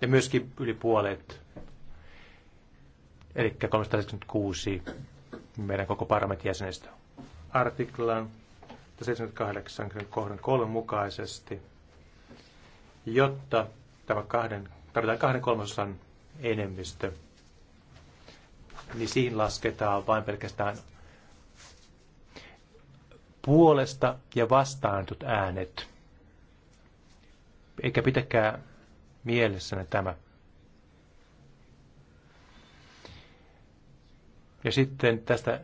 ja myöskin yli puolet, eli 376 meidän koko parlamentin jäsenistä artiklan 78 kohdan 3 mukaisesti, jotta tämä kahden, tarvitaan kahden kolmasosan enemmistö, niin siihen lasketaan vain pelkästään puolesta ja vastaantut äänet. Eikä pitäkää Mielessänne tämä. Ja sitten tästä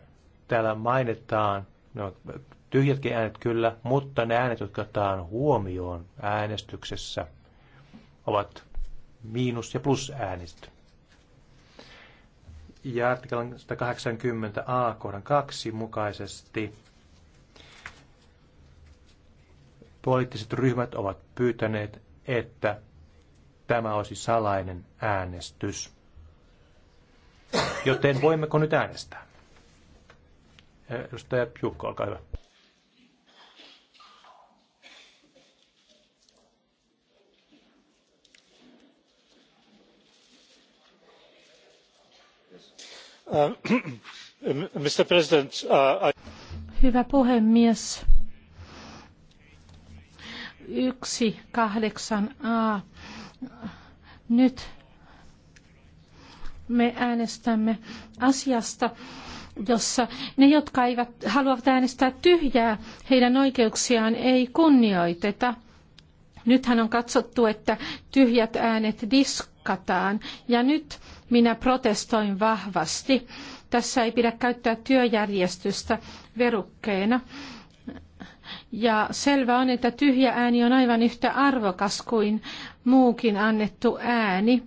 täällä mainitaan, no tyhjätkin äänet kyllä, mutta ne äänet, jotka otetaan huomioon äänestyksessä, ovat miinus- ja plusäänet. Ja artiklan 180a kohdan 2 mukaisesti poliittiset ryhmät ovat pyytäneet, että Tämä olisi siis salainen äänestys. Joten voimmeko nyt äänestää? Edustaja Jukko, olkaa hyvä. Uh, uh, hyvä puhemies. Yksi kahdeksan A nyt me äänestämme asiasta, jossa ne, jotka eivät haluavat äänestää tyhjää, heidän oikeuksiaan ei kunnioiteta. Nythän on katsottu, että tyhjät äänet diskataan ja nyt minä protestoin vahvasti. Tässä ei pidä käyttää työjärjestystä verukkeena. Ja selvä on, että tyhjä ääni on aivan yhtä arvokas kuin muukin annettu ääni.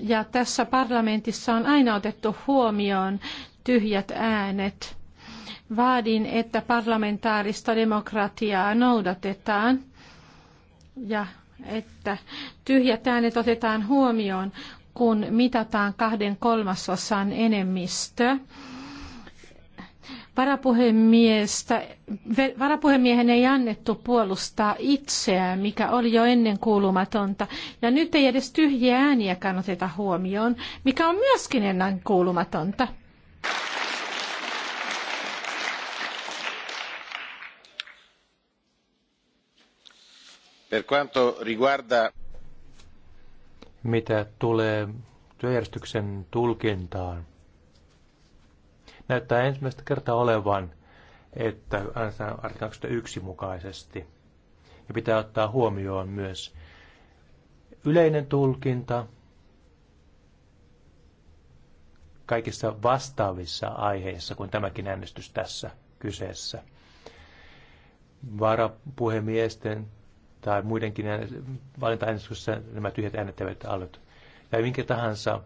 Ja tässä parlamentissa on aina otettu huomioon tyhjät äänet. Vaadin, että parlamentaarista demokratiaa noudatetaan ja että tyhjät äänet otetaan huomioon, kun mitataan kahden kolmasosan enemmistö. Varapuhemiestä, varapuhemiehen ei annettu puolustaa itseään, mikä oli jo ennen kuulumatonta. Ja nyt ei edes tyhjiä ääniä kannateta huomioon, mikä on myöskin ennen kuulumatonta. Per quanto riguarda... Mitä tulee työjärjestyksen tulkintaan, näyttää ensimmäistä kertaa olevan, että annetaan artikla 21 mukaisesti. Ja pitää ottaa huomioon myös yleinen tulkinta kaikissa vastaavissa aiheissa kuin tämäkin äänestys tässä kyseessä. Varapuhemiesten tai muidenkin valinta-äänestyksessä nämä tyhjät äänet eivät alle. Tai minkä tahansa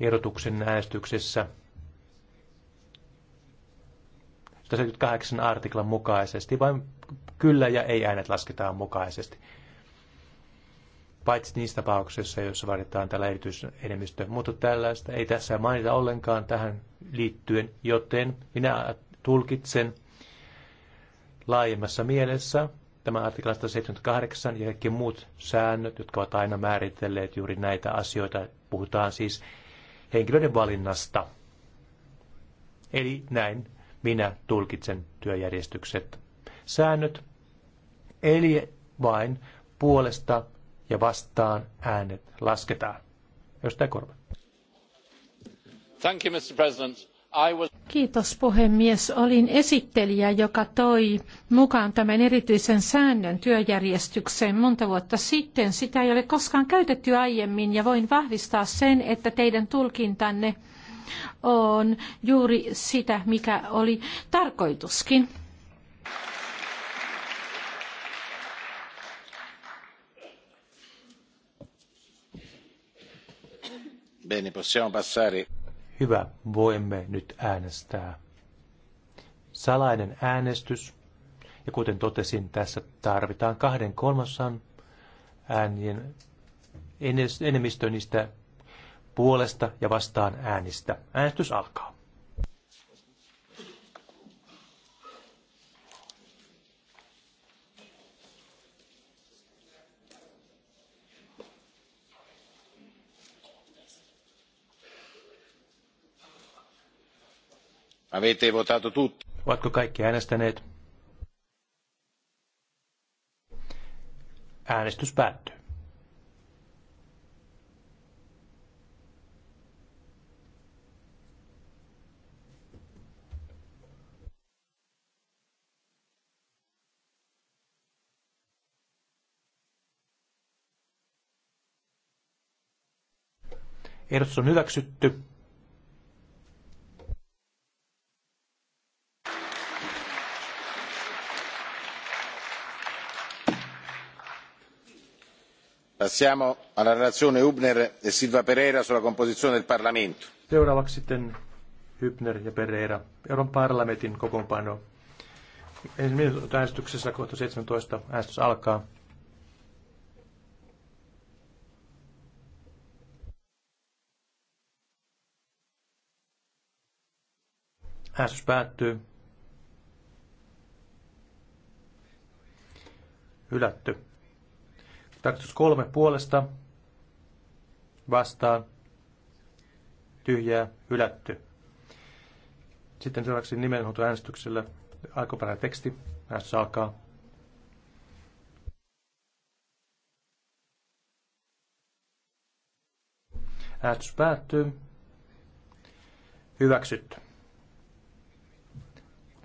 erotuksen äänestyksessä – 78 artiklan mukaisesti, vain kyllä ja ei äänet lasketaan mukaisesti. Paitsi niissä tapauksissa, joissa vaaditaan tällä erityisenemmistö, mutta tällaista ei tässä mainita ollenkaan tähän liittyen, joten minä tulkitsen laajemmassa mielessä tämä artikla 178 ja kaikki muut säännöt, jotka ovat aina määritelleet juuri näitä asioita. Puhutaan siis henkilöiden valinnasta. Eli näin minä tulkitsen työjärjestykset, säännöt, eli vain puolesta ja vastaan äänet lasketaan. Jostain korva. Thank you, Mr. President. Kiitos puhemies. Olin esittelijä, joka toi mukaan tämän erityisen säännön työjärjestykseen monta vuotta sitten. Sitä ei ole koskaan käytetty aiemmin ja voin vahvistaa sen, että teidän tulkintanne on juuri sitä, mikä oli tarkoituskin. Bene, possiamo passare. Hyvä, voimme nyt äänestää. Salainen äänestys. Ja kuten totesin, tässä tarvitaan kahden kolmasan äänien enemmistö niistä puolesta ja vastaan äänistä. Äänestys alkaa. Avete votato tutti? Ovatko kaikki äänestäneet? Äänestys päättyy. Ehdotus on hyväksytty. Passiamo alla relazione Hübner e Silva Pereira sulla composizione del Parlamento. Seuraavaksi sitten Hübner ja Pereira, Euroopan parlamentin kokoonpano. Ensimmäisessä äänestyksessä kohta 17 äänestys alkaa. Äänestys päättyy. Hylätty. Tarkistus kolme puolesta. Vastaan. Tyhjää. Hylätty. Sitten seuraavaksi äänestyksellä. alkuperäinen teksti. Äänestys alkaa. Äänestys päättyy. Hyväksytty.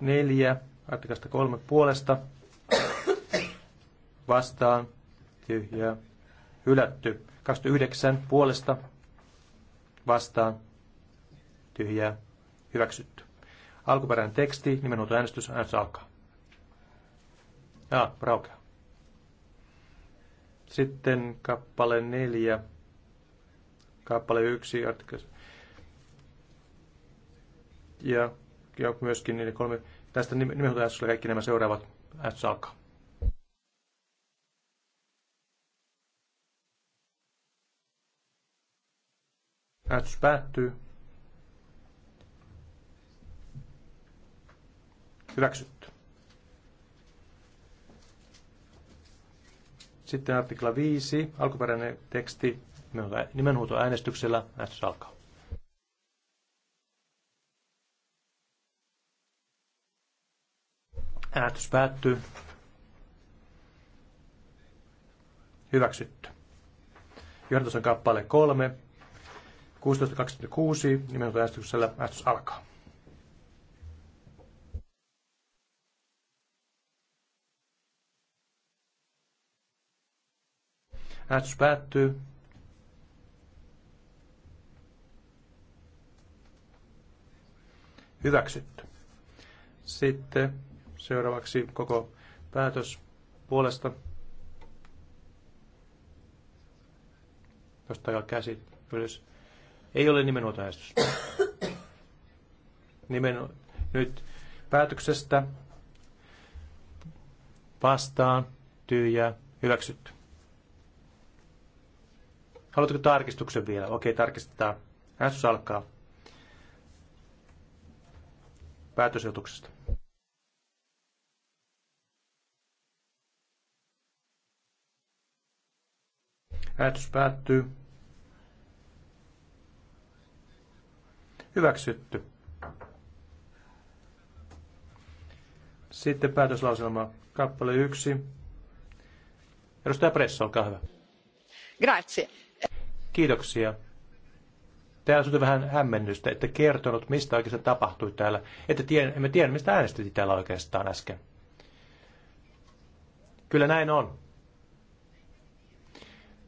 4, artikasta 3 puolesta vastaan, tyhjää, hylätty. 29 puolesta vastaan, tyhjää, hyväksytty. Alkuperäinen teksti, nimenhuolto äänestys, äänestys alkaa. Jaa, raukea. Sitten kappale 4, kappale 1, artikasta. Ja ja myöskin niille kolme, tästä nimenhuutoäänestyksellä kaikki nämä seuraavat äänestys alkaa. Äätys päättyy. Hyväksytty. Sitten artikla 5, alkuperäinen teksti äänestyksellä, Äänestys alkaa. Äänestys päättyy. Hyväksytty. Johdatus on kappale 3. 16.26. Nimenomaan äänestyksellä äänestys alkaa. Äänestys päättyy. Hyväksytty. Sitten Seuraavaksi koko päätös puolesta. Nostakaa käsi ylös. Ei ole äänestys. Nimen, nyt päätöksestä vastaan tyhjä, hyväksytty. Haluatko tarkistuksen vielä? Okei, tarkistetaan. Äänestys alkaa. Päätösjoutuksesta. Äänestys päättyy. Hyväksytty. Sitten päätöslauselma kappale yksi. Edustaja Pressa, olkaa hyvä. Grazie. Kiitoksia. Täällä on vähän hämmennystä, että kertonut, mistä oikeastaan tapahtui täällä. Että tien, emme tiedä, mistä äänestettiin täällä oikeastaan äsken. Kyllä näin on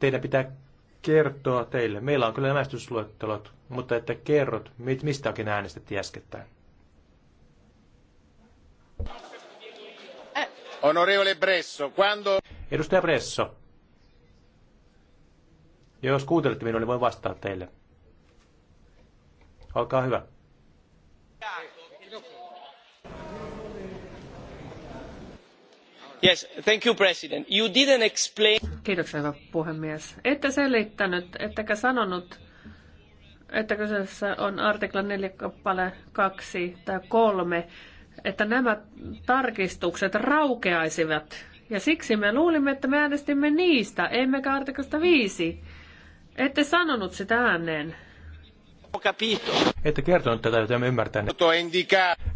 teidän pitää kertoa teille. Meillä on kyllä nämä äänestysluettelot, mutta että kerrot, mistä oikein äänestettiin äskettäin. Onorevole Bresso, quando... Edustaja Bresso. Jos kuuntelette minua, niin voin vastata teille. Olkaa hyvä. Yes, puhemies. Ette selittänyt, ettekä sanonut, että kyseessä on artikla 4 kappale 2 tai 3, että nämä tarkistukset raukeaisivat. Ja siksi me luulimme, että me äänestimme niistä, emmekä artiklasta 5. Ette sanonut sitä ääneen. Ette kertonut tätä, joten emme ymmärtäneet.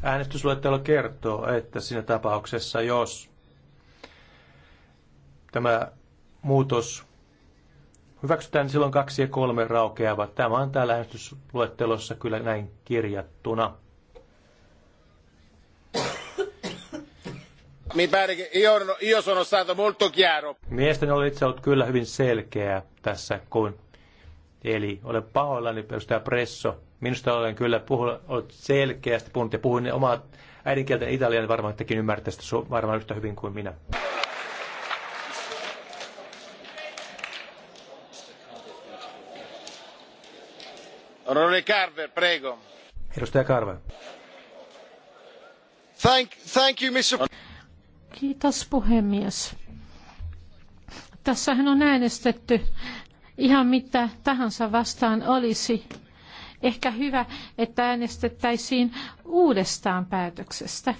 Äänestysluettelo kertoo, että siinä tapauksessa, jos tämä muutos hyväksytään, niin silloin kaksi ja kolme raukeavat. Tämä on täällä äänestysluettelossa kyllä näin kirjattuna. Mi pare io, io sono stato molto chiaro. Mielestäni olen itse ollut kyllä hyvin selkeä tässä, kun eli olen pahoillani perustaja Presso. Minusta olen kyllä puhunut, selkeästi puhunut ja puhuin omaa äidinkieltä italian, niin varmaan tekin ymmärtäisitte varmaan yhtä hyvin kuin minä. arvoisa Thank, thank you, Mr. puhemies. Tässähän on äänestetty ihan mitä tahansa vastaan olisi. Ehkä hyvä, että äänestettäisiin uudestaan päätöksestä.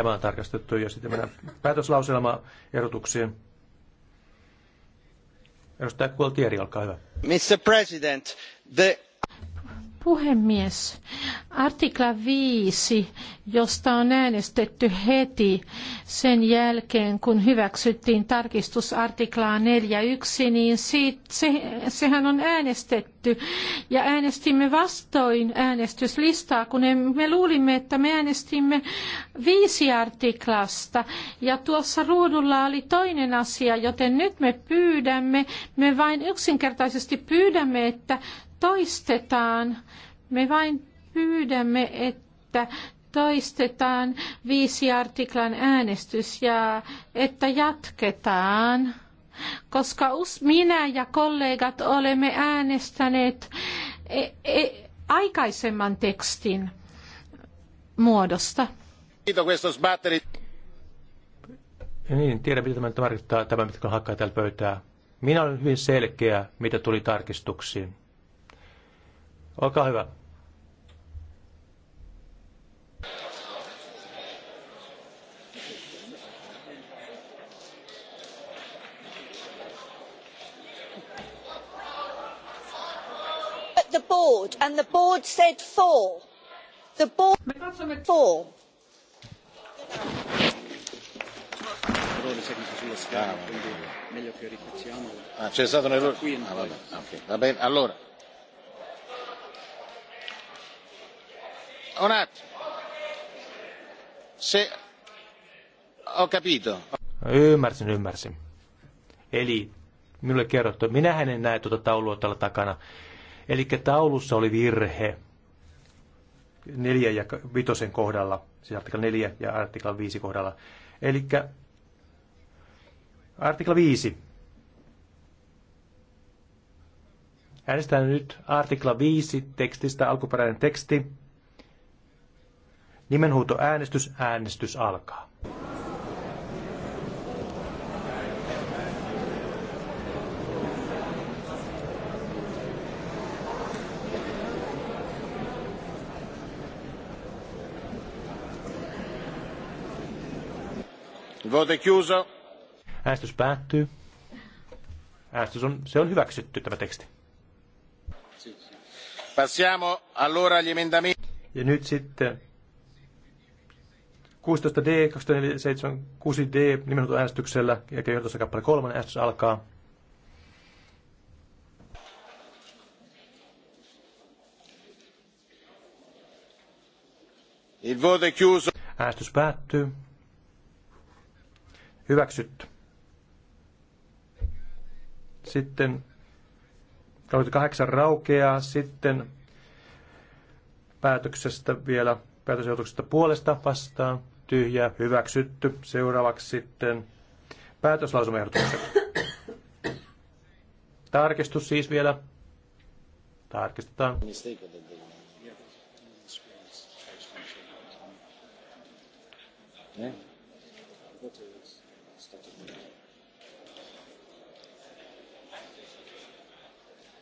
Tämä on tarkastettu jo sitten mennään päätöslauselma erotuksiin. Edustaja Gualtieri, olkaa hyvä. Mr. President, the puhemies, artikla 5, josta on äänestetty heti sen jälkeen, kun hyväksyttiin tarkistus artiklaa 4.1, niin siitä, se, sehän on äänestetty. Ja äänestimme vastoin äänestyslistaa, kun me luulimme, että me äänestimme viisi artiklasta. Ja tuossa ruudulla oli toinen asia, joten nyt me pyydämme, me vain yksinkertaisesti pyydämme, että toistetaan. Me vain pyydämme, että toistetaan viisi artiklan äänestys ja että jatketaan, koska minä ja kollegat olemme äänestäneet e, e, aikaisemman tekstin muodosta. Niin, tiedä, mitä tämä tarkoittaa, tämä, mitkä hakkaa täällä pöytää. Minä olen hyvin selkeä, mitä tuli tarkistuksiin. Olkaa hyvä. the board and the board said four. The board Me four. Ah, ah, c'è stato un errore. Ah, vabbè. Ah, okay. Va bene, allora un attimo. Se... Ho capito. Ymmärsin, ymmärsin. Eli minulle kerrottu, minähän en näe tuota taulua täällä takana. Eli taulussa oli virhe neljä ja vitosen kohdalla, siis artikla 4 ja artikla 5 kohdalla. Eli artikla 5. Äänestetään nyt artikla 5 tekstistä, alkuperäinen teksti. Nimenhuutoäänestys, äänestys alkaa. Vote chiuso. Äänestys päättyy. Äänestys on, se on hyväksytty tämä teksti. Passiamo allora agli emendamenti. Ja nyt sitten 16D, 2476D nimenhuuto äänestyksellä ja kello kappale kolmannen äänestys alkaa. Il voto chiuso. Äänestys päättyy. Hyväksytty. Sitten 38 raukeaa, sitten päätöksestä vielä päätösjoutuksesta puolesta vastaan Tyhjä. hyväksytty. Seuraavaksi sitten päätöslausumehdotukset. Tarkistus siis vielä. Tarkistetaan.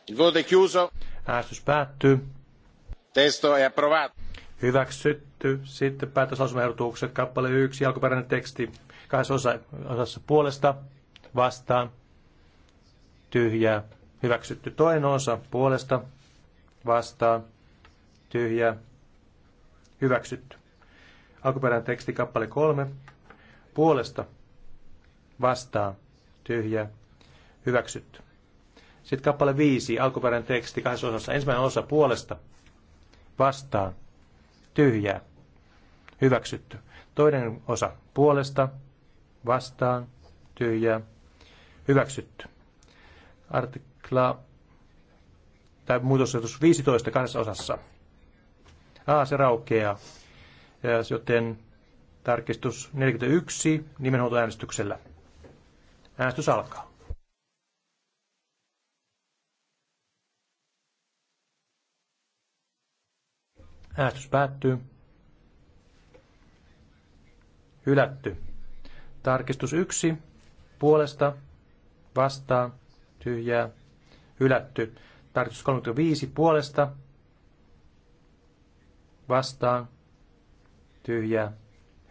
Il voto è chiuso. Äänestys päättyy. Testo è approvato hyväksytty. Sitten päätöslausumaehdotukset, kappale 1, alkuperäinen teksti, kahdessa osa, osassa puolesta, vastaan, tyhjää, hyväksytty. Toinen osa puolesta, vastaan, tyhjää, hyväksytty. Alkuperäinen teksti, kappale 3, puolesta, vastaan, tyhjää, hyväksytty. Sitten kappale 5, alkuperäinen teksti kahdessa osassa. Ensimmäinen osa puolesta, vastaan, tyhjää, hyväksytty. Toinen osa puolesta, vastaan, tyhjää, hyväksytty. Artikla tai muutosehdotus 15 kahdessa osassa. A, se raukeaa, joten tarkistus 41 nimenhuoltoäänestyksellä. Äänestys alkaa. Äänestys päättyy. Hylätty. Tarkistus yksi Puolesta. Vastaan. Tyhjää. Hylätty. Tarkistus 35. Puolesta. Vastaan. Tyhjää.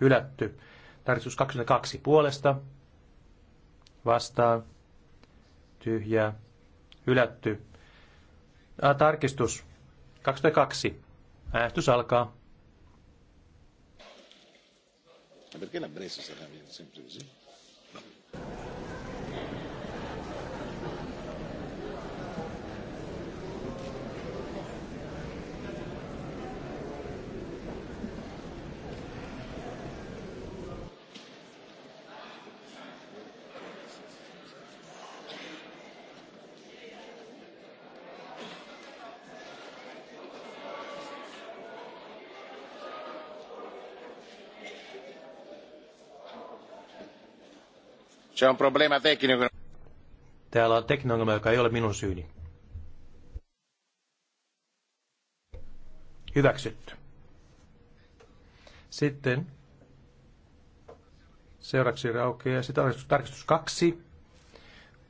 Hylätty. Tarkistus 22. Puolesta. Vastaan. Tyhjää. Hylätty. tarkistus 22. Äähtys alkaa. Perché la Brescia sempre così? Se on problema tekninen. Täällä on tekninen ongelma, joka ei ole minun syyni. Hyväksytty. Sitten seuraavaksi raukeaa sitten tarkistus, tarkistus kaksi.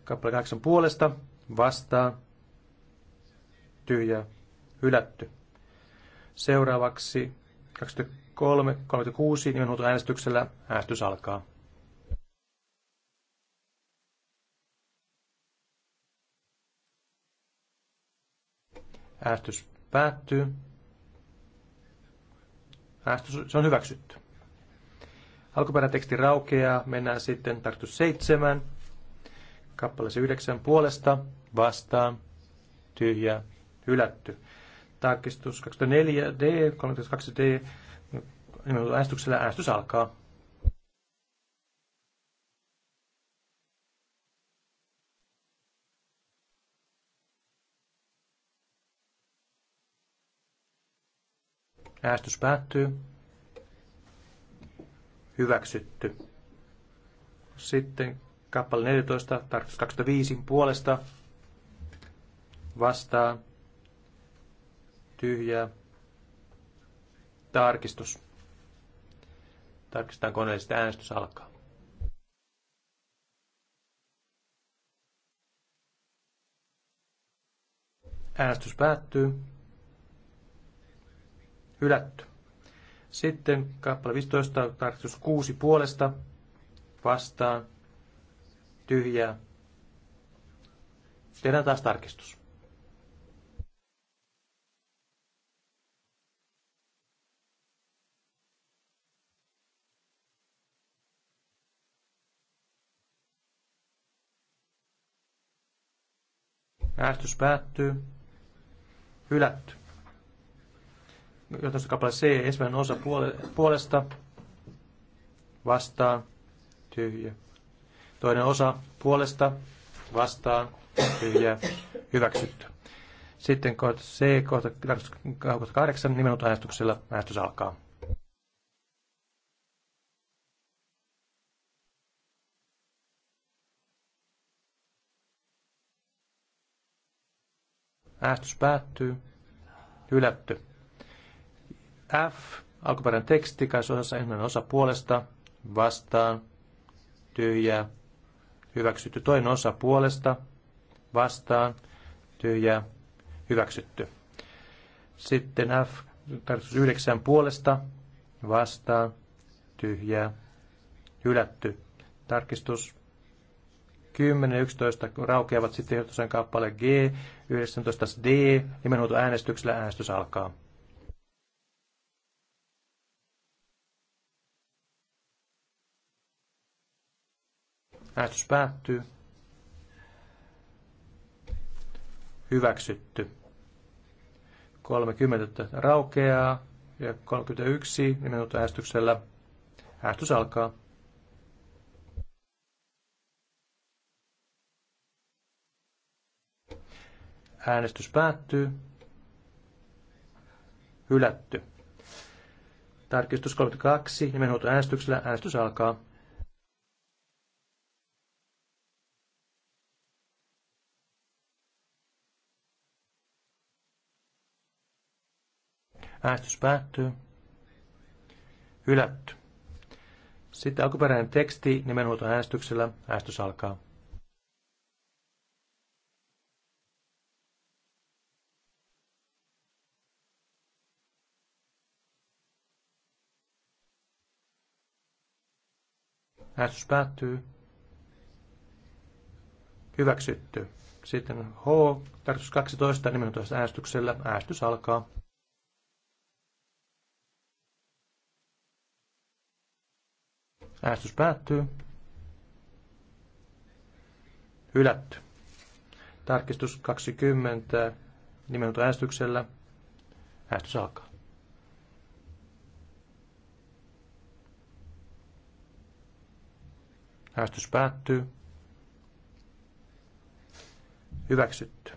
Kappale kahdeksan puolesta vastaa tyhjä hylätty. Seuraavaksi 23, 36 nimenhuuto äänestyksellä äänestys alkaa. Äänestys päättyy. Äänestys, se on hyväksytty. Alkuperäteksti raukeaa. Mennään sitten tarkoitus seitsemän. Kappaleessa yhdeksän puolesta vastaan. Tyhjä. Hylätty. Tarkistus 24D, 32D. Äänestyksellä äänestys alkaa. Äänestys päättyy. Hyväksytty. Sitten kappale 14, tarkoitus 25 puolesta. Vastaa. Tyhjää. Tarkistus. Tarkistetaan koneellisesti äänestys alkaa. Äänestys päättyy hylätty. Sitten kappale 15, tarkistus 6 puolesta, vastaan, tyhjää. Tehdään taas tarkistus. Äänestys päättyy. Hylätty johtosta kappale C, ensimmäinen osa puolesta, vastaan, tyhjä. Toinen osa puolesta, vastaan, tyhjä, hyväksytty. Sitten kohta C, kohta 8, nimenut äänestyksellä, äänestys alkaa. Äänestys päättyy. Hylätty. F, alkuperäinen teksti, osassa ensimmäinen osa puolesta, vastaan, tyhjä hyväksytty. Toinen osa puolesta, vastaan, tyhjä hyväksytty. Sitten F, tarkoitus yhdeksän puolesta, vastaan, tyhjä hylätty. Tarkistus 10 ja 11 raukeavat sitten johtosan kappale G, 19 D, nimenhuuto äänestyksellä äänestys alkaa. Äänestys päättyy. Hyväksytty. 30 raukeaa ja 31 minuutin äänestyksellä. Äänestys alkaa. Äänestys päättyy. Hylätty. Tarkistus 32 ja minuutin äänestyksellä äänestys alkaa. Äänestys päättyy. Hylätty. Sitten alkuperäinen teksti nimenhuolto äänestyksellä. Äänestys alkaa. Äänestys päättyy. Hyväksytty. Sitten H, tarkoitus 12, nimenomaan äänestyksellä. Äänestys alkaa. Äänestys päättyy. Hylätty. Tarkistus 20 Nimenut äänestyksellä. Äänestys alkaa. Äänestys päättyy. Hyväksytty.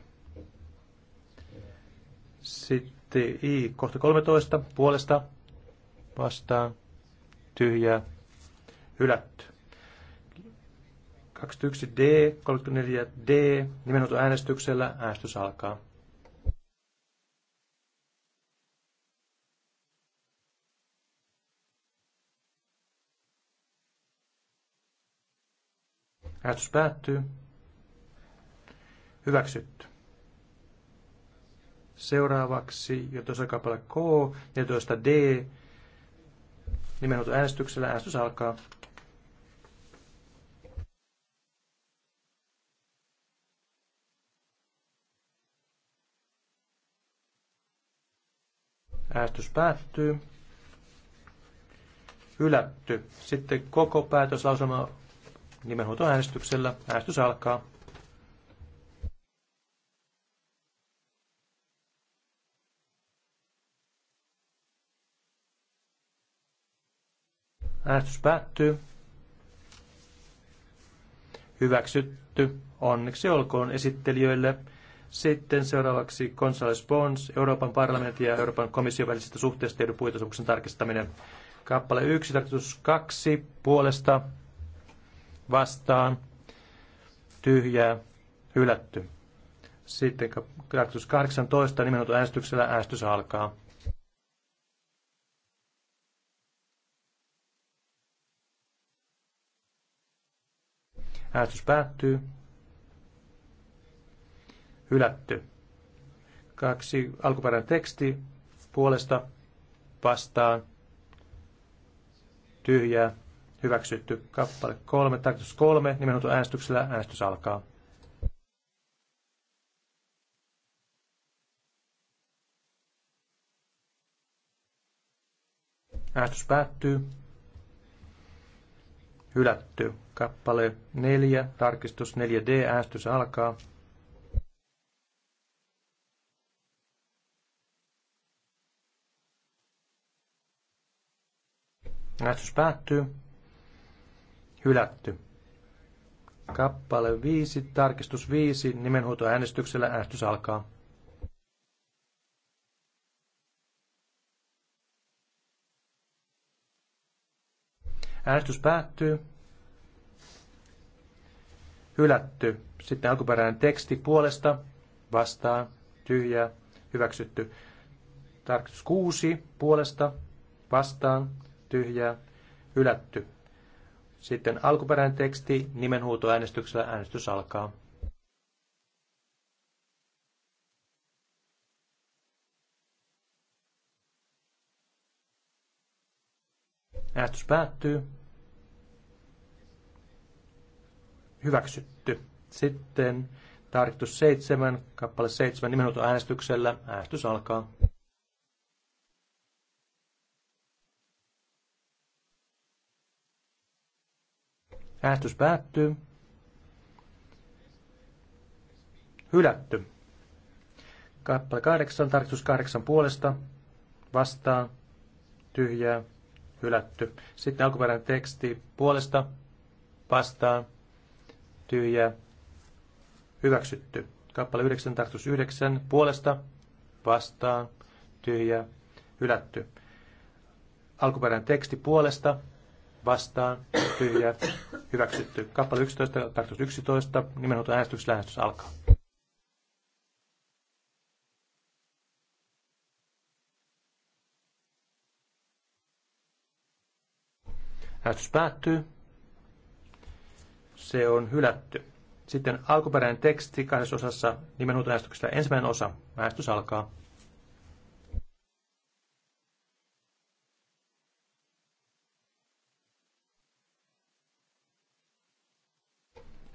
Sitten I kohta 13 puolesta vastaan tyhjää hylätty. 21D, 34D, nimenhoito äänestyksellä, äänestys alkaa. Äänestys päättyy. Hyväksytty. Seuraavaksi, jo tuossa kappale K, 14D, Nimenhuuto äänestyksellä. Äänestys alkaa. Äänestys päättyy. Hylätty. Sitten koko päätöslausuma äänestyksellä Äänestys alkaa. Äänestys päättyy. Hyväksytty. Onneksi olkoon esittelijöille. Sitten seuraavaksi Gonzales Bonds, Euroopan parlamentin ja Euroopan komission välisestä suhteesta tehdyn puitosopimuksen tarkistaminen. Kappale 1, tarkistus 2, puolesta, vastaan, tyhjää, hylätty. Sitten tarkistus 18, nimenut äänestyksellä äänestys alkaa. Äänestys päättyy. Hylätty. Kaksi alkuperäinen teksti puolesta vastaan. Tyhjää. Hyväksytty. Kappale kolme. Tarkoitus kolme. Nimenomaan äänestyksellä. Äänestys alkaa. Äänestys päättyy. Hylätty kappale 4, tarkistus 4D, äänestys alkaa. Äänestys päättyy. Hylätty. Kappale 5, tarkistus 5, nimenhuutoäänestyksellä äänestys alkaa. Äänestys päättyy hylätty. Sitten alkuperäinen teksti puolesta, vastaan, tyhjä hyväksytty. Tarkoitus kuusi puolesta, vastaan, tyhjää, hylätty. Sitten alkuperäinen teksti nimenhuutoäänestyksellä äänestys alkaa. Äänestys päättyy. hyväksytty. Sitten tarkistus 7, kappale 7 nimenhuuto äänestyksellä. Äänestys alkaa. Äänestys päättyy. Hylätty. Kappale 8, tarkistus 8 puolesta. Vastaan. Tyhjää. Hylätty. Sitten alkuperäinen teksti puolesta. Vastaan tyhjä hyväksytty. Kappale 9, puolesta, vastaan, tyhjä hylätty. Alkuperäinen teksti puolesta, vastaan, tyhjä hyväksytty. Kappale 11, tarkistus 11, nimenhuuto äänestyksessä äänestys alkaa. Äänestys päättyy se on hylätty. Sitten alkuperäinen teksti kahdessa osassa äänestyksestä ensimmäinen osa. Äänestys alkaa.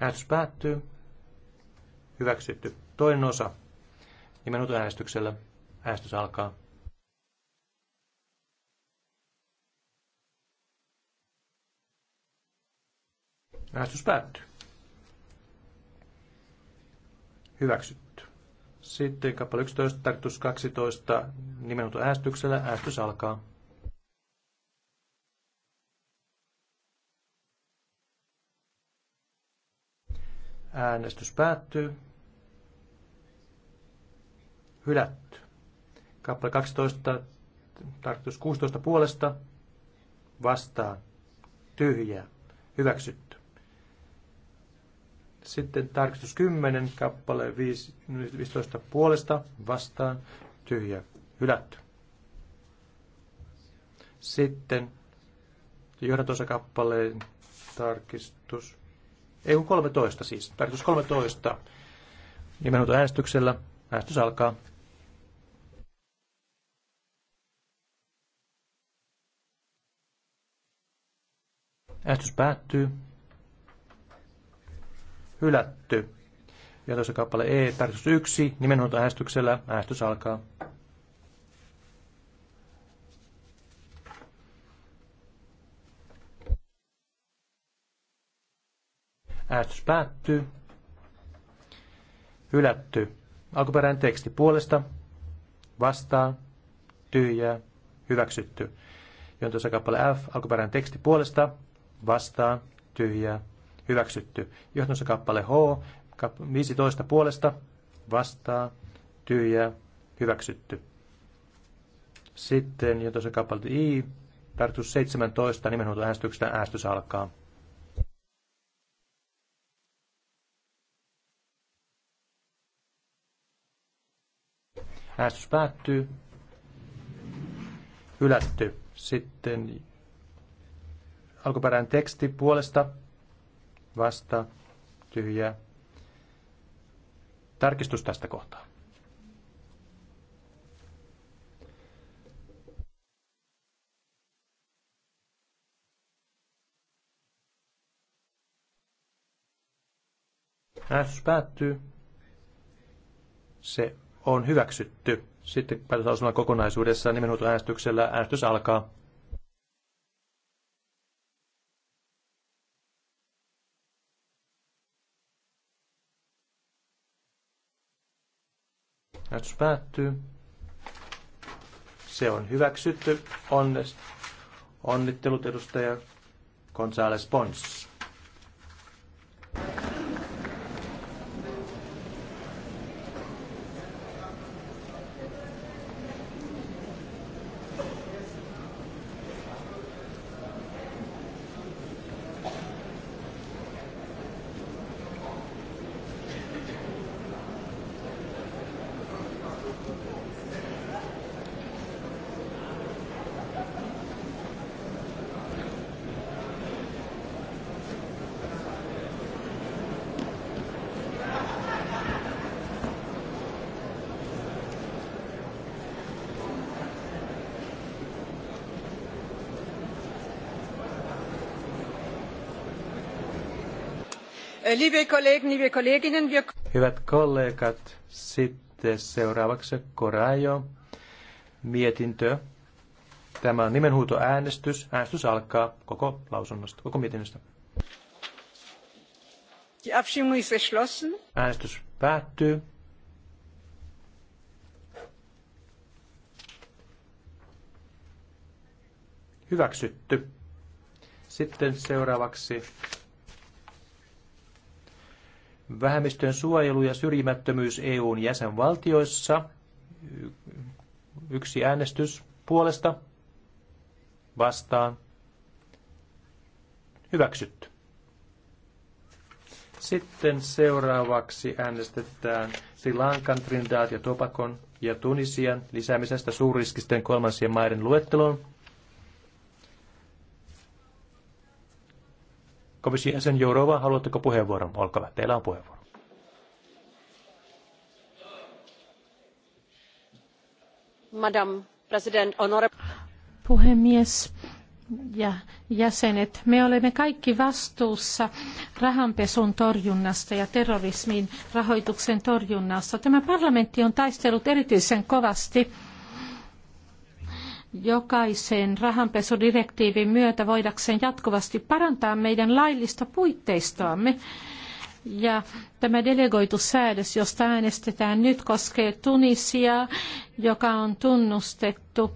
Äänestys päättyy. Hyväksytty. Toinen osa. äänestyksellä. Äänestys alkaa. Äänestys päättyy. Hyväksytty. Sitten kappale 11, tarkoitus 12, nimenhuuto äänestyksellä. Äänestys alkaa. Äänestys päättyy. Hylätty. Kappale 12, tarkoitus 16 puolesta. Vastaan. Tyhjää. Hyväksytty. Sitten tarkistus 10, kappale 15 puolesta vastaan, tyhjä, hylätty. Sitten kappaleen tarkistus, ei kun 13 siis, tarkistus 13 nimenhuuto äänestyksellä. Äänestys alkaa. Äänestys päättyy hylätty. Ja tuossa kappale E, tarkistus 1, nimenomaan äänestyksellä. Äänestys alkaa. Äänestys päättyy. Hylätty. Alkuperäinen teksti puolesta. vastaa, Tyhjää. Hyväksytty. Jontosa kappale F. Alkuperäinen teksti puolesta. vastaa, Tyhjää hyväksytty. Johtonsa kappale H, 15 puolesta, vastaa, tyhjää, hyväksytty. Sitten johtonsa kappale I, tarkoitus 17, nimenhuolto äänestyksestä äänestys alkaa. Äänestys päättyy. Hylätty. Sitten alkuperäinen teksti puolesta vasta, tyhjä. Tarkistus tästä kohtaa. Äänestys päättyy. Se on hyväksytty. Sitten päätöslausunnon kokonaisuudessaan nimenhuutoäänestyksellä äänestys alkaa. Äänestys päättyy. Se on hyväksytty. Onnes. Onnittelut edustaja Gonzales Pons. Hyvät kollegat, sitten seuraavaksi Korajo, mietintö. Tämä on nimenhuutoäänestys. Äänestys alkaa koko lausunnosta, koko mietinnöstä. Äänestys päättyy. Hyväksytty. Sitten seuraavaksi vähemmistön suojelu ja syrjimättömyys EUn jäsenvaltioissa. Yksi äänestys puolesta vastaan. Hyväksytty. Sitten seuraavaksi äänestetään Sri Lankan, Trinidad ja Topakon ja Tunisian lisäämisestä suurriskisten kolmansien maiden luetteloon. Komission jäsen Jourova, haluatteko puheenvuoron? Olkaa hyvä, teillä on puheenvuoro. Madam President, honore... Puhemies, ja jäsenet, me olemme kaikki vastuussa rahanpesun torjunnasta ja terrorismin rahoituksen torjunnasta. Tämä parlamentti on taistellut erityisen kovasti jokaisen rahanpesudirektiivin myötä voidakseen jatkuvasti parantaa meidän laillista puitteistoamme. Ja tämä delegoitu säädös, josta äänestetään nyt, koskee Tunisiaa, joka on tunnustettu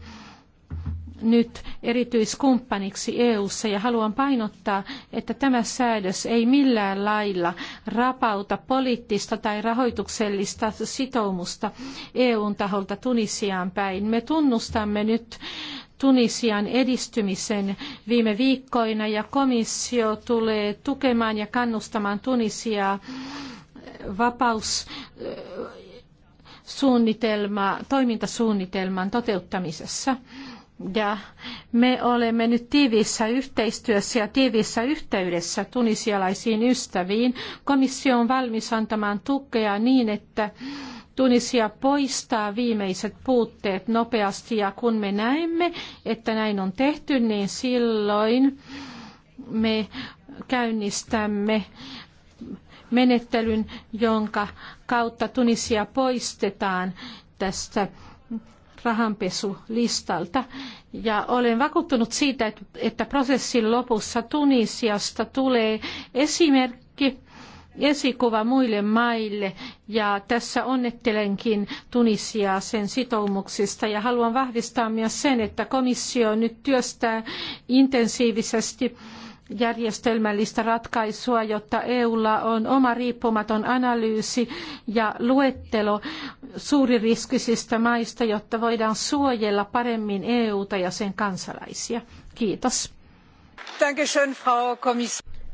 nyt erityiskumppaniksi EU:ssa ja haluan painottaa, että tämä säädös ei millään lailla rapauta poliittista tai rahoituksellista sitoumusta EUn taholta Tunisiaan päin. Me tunnustamme nyt Tunisian edistymisen viime viikkoina ja komissio tulee tukemaan ja kannustamaan Tunisiaa vapaus äh, suunnitelma, toimintasuunnitelman toteuttamisessa. Ja me olemme nyt tiiviissä yhteistyössä ja tiiviissä yhteydessä tunisialaisiin ystäviin. Komissio on valmis antamaan tukea niin, että Tunisia poistaa viimeiset puutteet nopeasti ja kun me näemme, että näin on tehty, niin silloin me käynnistämme menettelyn, jonka kautta Tunisia poistetaan tästä rahanpesulistalta. Ja olen vakuuttunut siitä, että prosessin lopussa Tunisiasta tulee esimerkki esikuva muille maille ja tässä onnettelenkin Tunisiaa sen sitoumuksista ja haluan vahvistaa myös sen, että komissio nyt työstää intensiivisesti järjestelmällistä ratkaisua, jotta EUlla on oma riippumaton analyysi ja luettelo suuririskisistä maista, jotta voidaan suojella paremmin EUta ja sen kansalaisia. Kiitos.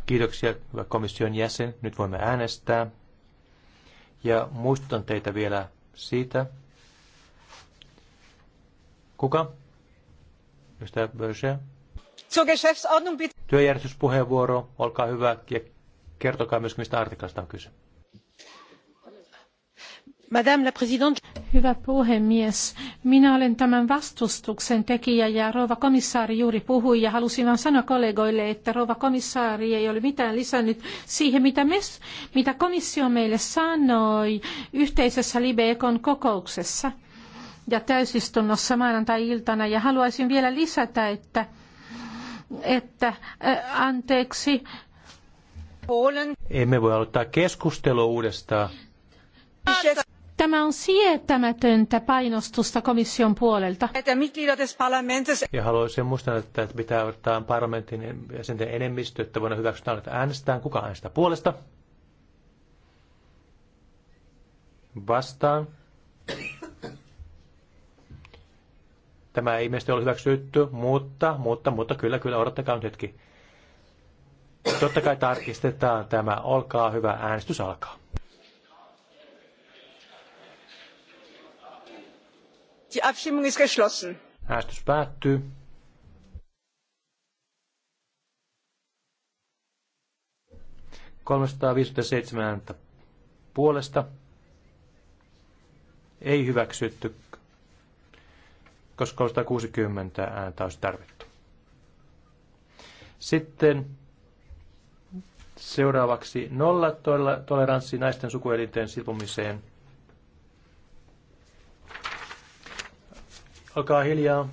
Kiitoksia, hyvä komission jäsen. Nyt voimme äänestää. Ja muistutan teitä vielä siitä. Kuka? Ystävä Berger? Zur Työjärjestyspuheenvuoro, olkaa hyvä ja kertokaa myös, mistä artiklasta on kyse. Madame la Présidente. Hyvä puhemies, minä olen tämän vastustuksen tekijä ja rouva komissaari juuri puhui ja halusin vain sanoa kollegoille, että rouva komissaari ei ole mitään lisännyt siihen, mitä, me, mitä komissio meille sanoi yhteisessä Libeekon kokouksessa ja täysistunnossa maanantai-iltana. Ja haluaisin vielä lisätä, että että anteeksi. Emme voi aloittaa keskustelua uudestaan. Tämä on sietämätöntä painostusta komission puolelta. Ja haluaisin muistaa, että pitää ottaa parlamentin jäsenten enemmistö, että voidaan hyväksyä, että äänestetään. Kuka äänestää puolesta? Vastaan. Tämä ei mielestäni ole hyväksytty, mutta, mutta, mutta kyllä, kyllä, odottakaa nyt hetki. Totta kai tarkistetaan tämä. Olkaa hyvä, äänestys alkaa. Die Abstimmung ist geschlossen. Äänestys päättyy. ääntä puolesta. Ei hyväksytty koska 360 ääntä olisi tarvittu. Sitten seuraavaksi nolla toleranssi naisten sukuelinten silpumiseen. Olkaa hiljaa.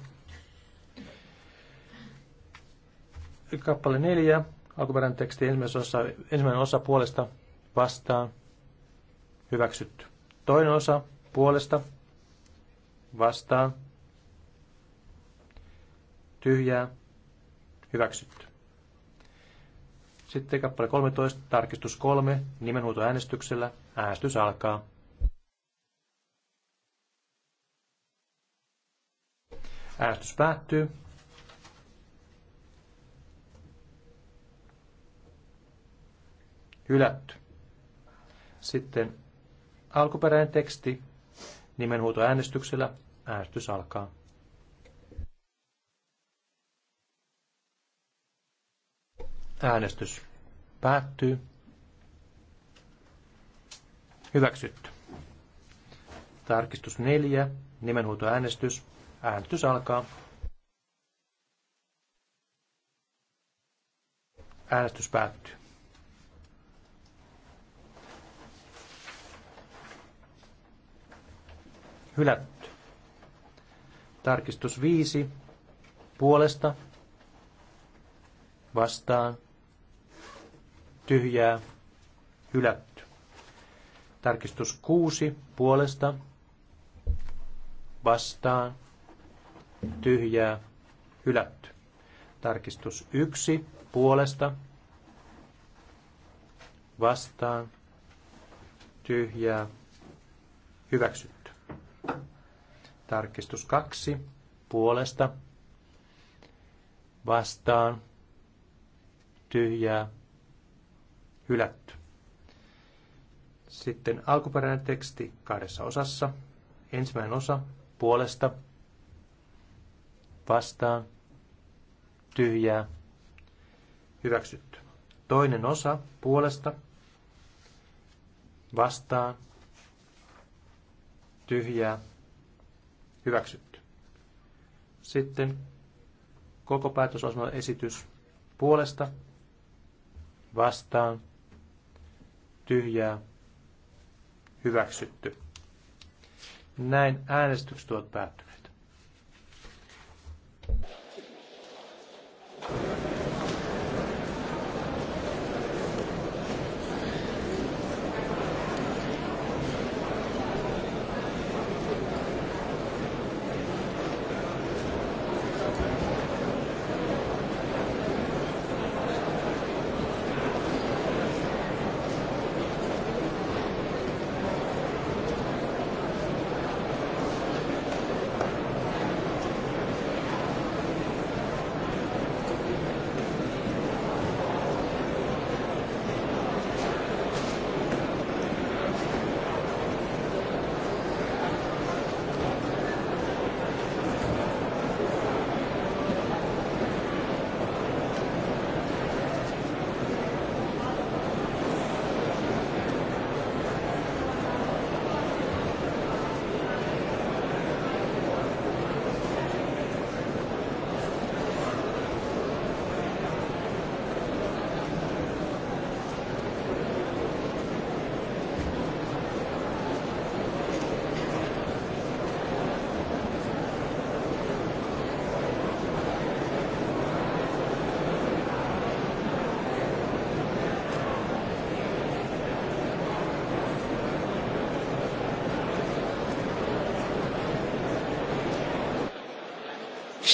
Kappale neljä, alkuperäinen teksti ensimmäinen osa, ensimmäinen osa puolesta vastaan hyväksytty. Toinen osa puolesta vastaan tyhjää, hyväksytty. Sitten kappale 13, tarkistus 3, nimenhuutoäänestyksellä, äänestys alkaa. Äänestys päättyy. Hylätty. Sitten alkuperäinen teksti nimenhuutoäänestyksellä. Äänestys alkaa. Äänestys päättyy. Hyväksytty. Tarkistus 4. Nimenhuutoäänestys. Äänestys alkaa. Äänestys päättyy. Hylätty. Tarkistus 5. Puolesta. Vastaan tyhjää, hylätty. Tarkistus kuusi puolesta, vastaan, tyhjää, hylätty. Tarkistus yksi puolesta, vastaan, tyhjää, hyväksytty. Tarkistus kaksi puolesta, vastaan, tyhjää, hylätty. Sitten alkuperäinen teksti kahdessa osassa. Ensimmäinen osa puolesta, vastaan, tyhjää, hyväksytty. Toinen osa puolesta, vastaan, tyhjää, hyväksytty. Sitten koko päätösosman esitys puolesta, vastaan, tyhjää, hyväksytty. Näin äänestykset ovat päättyneet.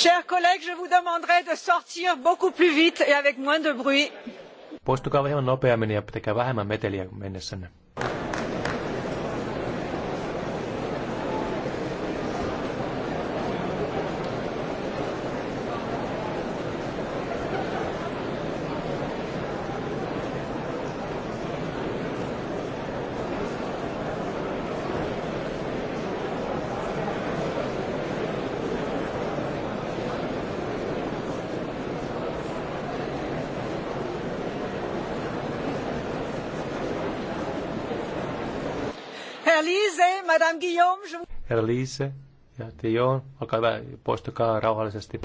Chers collègues, je vous demanderai de sortir beaucoup plus vite et avec moins de bruit. herra Liese ja Tion, olkaa hyvä, poistukaa rauhallisesti.